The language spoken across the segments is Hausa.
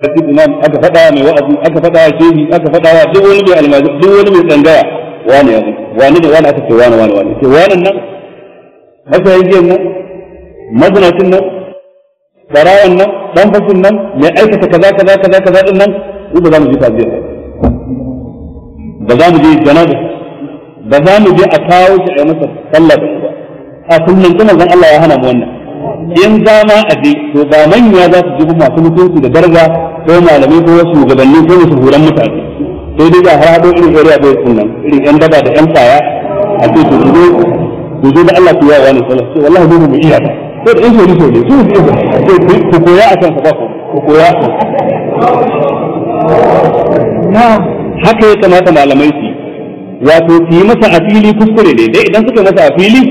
kace imam aka faɗa mai wa'azi aka faɗa wa shehi aka faɗa wa duk wani mai almajiri duk wani mai tsangaya wani ya wani da wani aka ce wani wani wani ce wani nan masayin giyan nan mazinacin nan barawan nan dan fashin nan mai aikata kaza kaza kaza kaza din nan in ba za mu je taziyar ba za mu je janaza ba za mu je a kawo shi a yi masa sallah ba a kullum kuma zan Allah ya hana mu wannan in ma a bi to ba manya za su jibu masu mutunci da darga ko malamai ko wasu shugabanni ko wasu horon mutane sai dai ba har haɗo irin area bai sun nan irin yan daba da yan tsaya. a ce to zo to zo da Allah ku yawa ne sallah sai wallahi dole mu iya ba sai da in so ne so iya ku koya a kan ba ku koya haka ya kamata malamai su wato su yi masa a fili kuskure ne dai idan suka masa a fili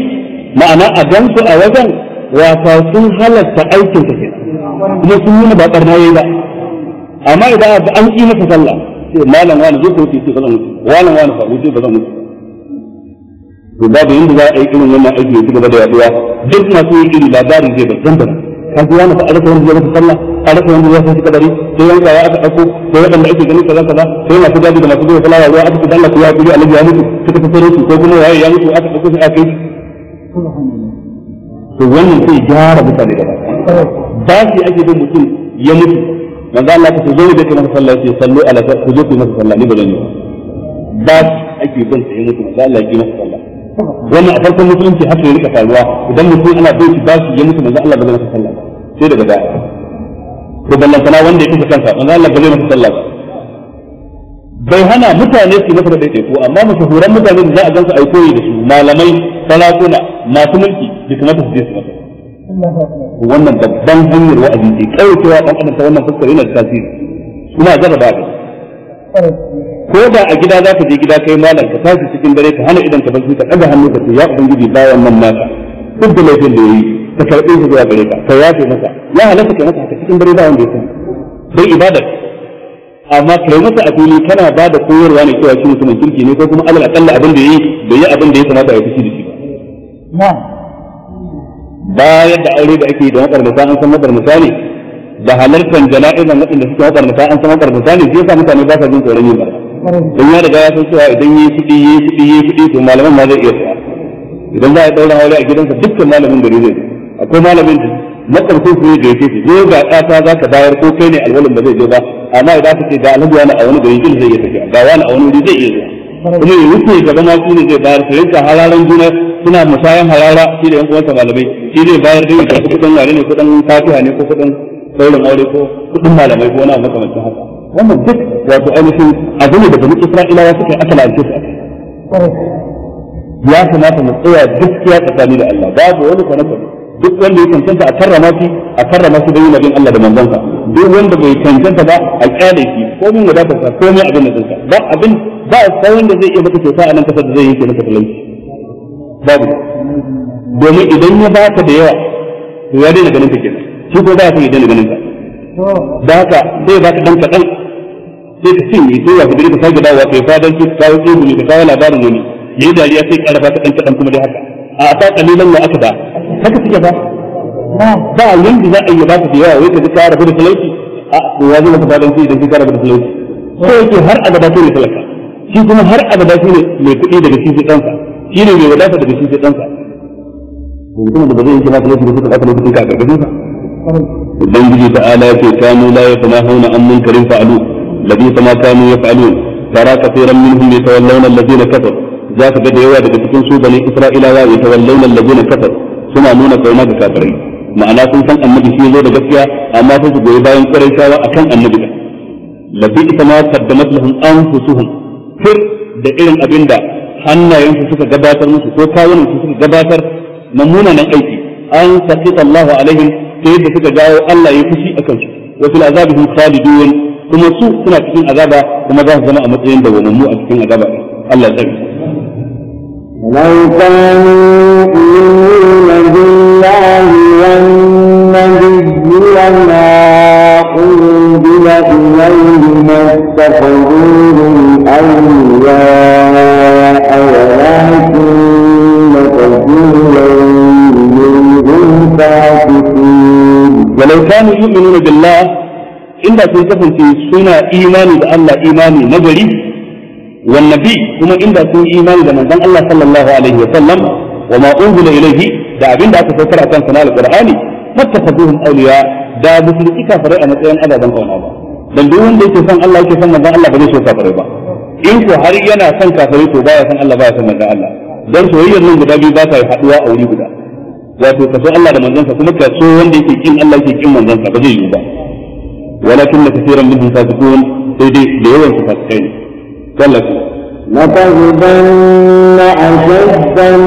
ma'ana a gansu a wajen wata sun halatta aikin ta kenan kuma sun nuna ba barna yayi ba amma idan ba an yi masa sallah sai malam wani zo ko ce sai bazan wani wani fa wuce zan mutu to babu inda za a yi irin wannan aiki ya ci gaba da yaduwa duk masu yi iri labarin zai bazan bana ka ji wani fa a rasa wanda zai masa sallah a rasa wani zai shi kadari sai yanka ya aka dauko sai waɗanda ake ganin kaza kaza sai masu gadi da masu zuwa fulawa ruwa aka ci dalla ku ya kuri alaji ya mutu suka tafi ko kuma waye ya mutu aka dauko sai aka yi to wannan sai gyara mutane gaba ba shi ake bin mutum ya mutu manzo Allah ka zo da kai masa sallah sai sallu ala ka ku zo ku masa sallah ni ba zan yi ba shi ake bin sai mutu manzo Allah ya yi masa sallah wannan a farkon musulunci haka ya rika faruwa idan mutum ana bin shi ba shi ya mutu manzo Allah ba zai masa sallah sai daga da to ballan kana wanda ya kafa kansa manzo Allah ba zai masa sallah ba bai hana mutane su masa da daidaiku amma mashahuran mutane da za a gansu a yi koyi da su malamai sarakuna masu mulki da kamata su je su masa wannan babban hanyar wa'azi ce kai cewa dan adam ta wannan fuskar yana da tasiri kuma a jarraba ka ko da a gida za ka je gida kai malam ka tashi cikin dare ka hana idan ka barci ka ɗaga hannu ka ce ya ubangiji bayan nan naka duk da laifin da yayi ka karɓe shi zuwa gare ka ka yafe masa ya halatta ka masa haka cikin dare ba wanda ya san sai ibadar amma kai masa a fili kana ba da koyarwa ne cewa shi mutumin kirki ne ko kuma alal akalla abin da yayi bai yi abin da ya kamata a yi fushi bayar da aure da ake da makarnata an san makarnata ne da halartar da waɗanda suke makarnata an san makarnata ne sai yasa mutane ba sa jin tsoron yin barna don ya riga ya san cewa idan yi kuɗi yi kuɗi yi kuɗi to malaman ma zai iya tsaya idan za a ɗaura aure a gidansa dukkan malamin gari zai akwai malamin da matsar ko ne da yake ce zo ga ɗata za ka bayar ko kai ne alwalin ba zai je ba amma idan ka ce ga alhaji wani a wani gari zai iya tafiya ga wani a wani wuri zai iya zuwa kuma ya wuce gaba ma shi ne zai bayar su yanka halalan juna suna musayan harara shi da yan uwansa malamai shi zai bayar da yadda kudin ware ne kudin fatiha ne ko kudin saurin aure ko kudin malamai ko wani abu makamancin haka wannan duk wato ainihin abu ne da bani isra'ilawa suka yi akala alƙisa ya kamata mu tsaya gaskiya tsakani da Allah babu wani kwanaka duk wanda ya cancanta a karrama shi a karrama shi da yin abin Allah da manzansa duk wanda bai cancanta ba a kyale shi komin wadatarsa komai abin da zai ba abin ba da zai iya maka kyauta a nan kasar da zai yi ke maka talauci babu domin idan ya ba baka da yawa to ya daina ganin ka kenan shi ko ba son ya daina ganin ka da haka sai baka dan kaɗan sai ka cinye sai ya gudu ka sake dawowa kai fadan ki kawo tsibiri ka kawo labarin wani yayi dariya sai karfa ka dan kaɗan kuma dai haka a ta kalilan wa aka da haka suke ba ba yanda za a yi baka da yawa wai ka ji ka rabu da talauci a to ya zama ka fadan ki idan ka rabu da talauci sai yake har abada kai ne talaka shi kuma har abada shi ne mai kuɗi daga cikin kansa shi ne mai wadata daga shi sai ɗansa mutumin da ba zai yi kira talauci da suka ɗaka lokacin ka a ƙarƙashin sa ubangiji ta ala ce kanu la hauna an munkarin fa'alu labisa ma kanu yaf'alun tara kafiran minhum yatawallawna alladhina Za ka ga da yawa daga cikin su bani isra'ilawa yatawallawna alladhina kafaru suna nuna kauna ga kafirai ma'ana sun san annabi shi zo da gaskiya amma sun su goyi bayan ƙwarai ƙurayshawa akan annabi labisa ma qaddamat lahum anfusuhum fir da irin abinda hannayensu suka gabatar musu ko kawunan su suka gabatar na aiki an saqita Allahu alaihim ta yadda suka jawo Allah ya fushi akan su wasu fil azabihim kuma su suna cikin azaba kuma za su zama a matsayin dawwamammu a cikin azaba Allah ya tsare walau kanu yu'minuna billah inda sun kasance suna imani da Allah imani na gari wan nabi kuma inda sun imani da manzon Allah sallallahu alaihi wa sallam wa ma unzila da abinda aka saukar akan sana alqur'ani fattakhadhuhum awliya da ba su kafirai a matsayin ababen kauna ba dan duk wanda yake son Allah yake son manzon Allah ba zai so kafirai ba in ko har yana son kafirai to baya son Allah baya son manzon Allah soyayyar nan guda biyu ba ta haɗuwa a wuri guda wato ka so Allah da manzansa kuma ka so wanda yake kin Allah yake kin manzansa ba zai yi ba walakin na kafiran minhum fasiqun sai dai da yawan su fasikai ne sallallahu la tazbanna ashaddan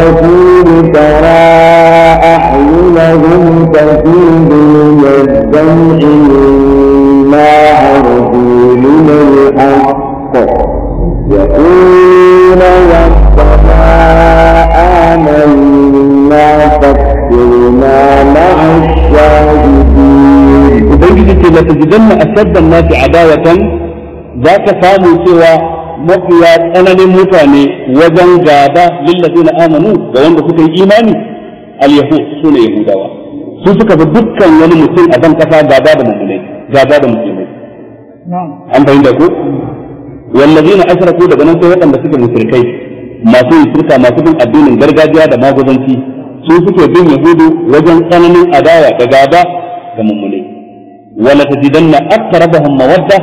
الرسول ترى أحيانهم تفيد من الدمع مما عرفوا من الحق يقولون والسماء آمنا فاكفرنا مع الشاهدين. وبيجي لتجدن أشد الناس عداوة za ka samu cewa mafiya tsananin mutane wajen gaba lillazina amanu ga wanda suka yi imani al yahud sune yahudawa su suka bi dukkan wani mutum a ban kasa gaba da mu'minai gaba da an fahimta ko wallazina ashraku daga nan sai waɗanda suke musulkai masu yin shirka masu bin addinin gargajiya da maguzanci su suke bin yahudu wajen tsananin adawa da gaba ga mu'minai wala tajidanna aqrabahum mawadda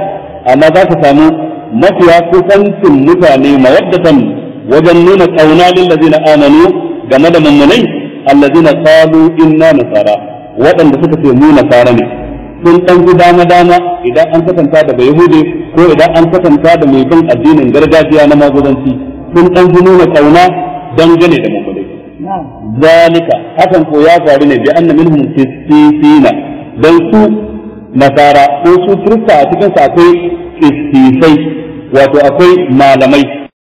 amma za ka samu mafiya kusancin mutane mawaddatan wajen nuna ƙauna lil ladina amanu game da mummunai alladina qalu inna nasara waɗanda suka ce nuna nasara ne sun ɗan ji dama dama idan an kasanta da bayahude ko idan an kasanta da mai bin addinin gargajiya na magudanci sun ɗan ji nuna kauna dangane da mummunai zalika hakan ko ya faru ne bi anna minhum kisifina dan su nasara ko su kirista a cikin akwai kisifai wato akwai malamai